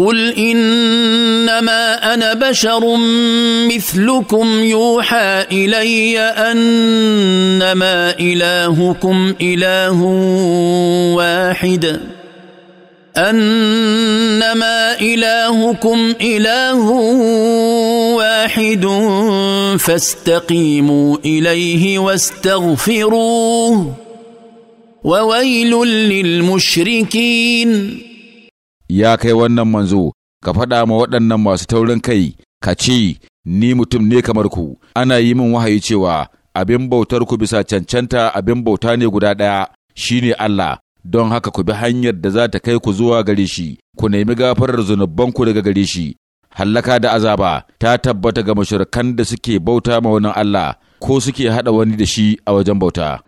قل انما انا بشر مثلكم يوحى الي انما الهكم اله واحد انما الهكم اله واحد فاستقيموا اليه واستغفروه وويل للمشركين ya kai wannan manzo ka faɗa ma waɗannan masu taurin kai ka ce ni mutum ne kamar ku ana yi min wahayi cewa abin bautar ku bisa cancanta abin bauta ne guda ɗaya Shi ne Allah don haka ku bi hanyar da za ta kai ku zuwa gare shi ku nemi gafarar zunubanku daga gare shi hallaka da azaba ta tabbata ga mashirkan da suke bauta ma wani Allah ko suke haɗa wani da shi a wajen bauta.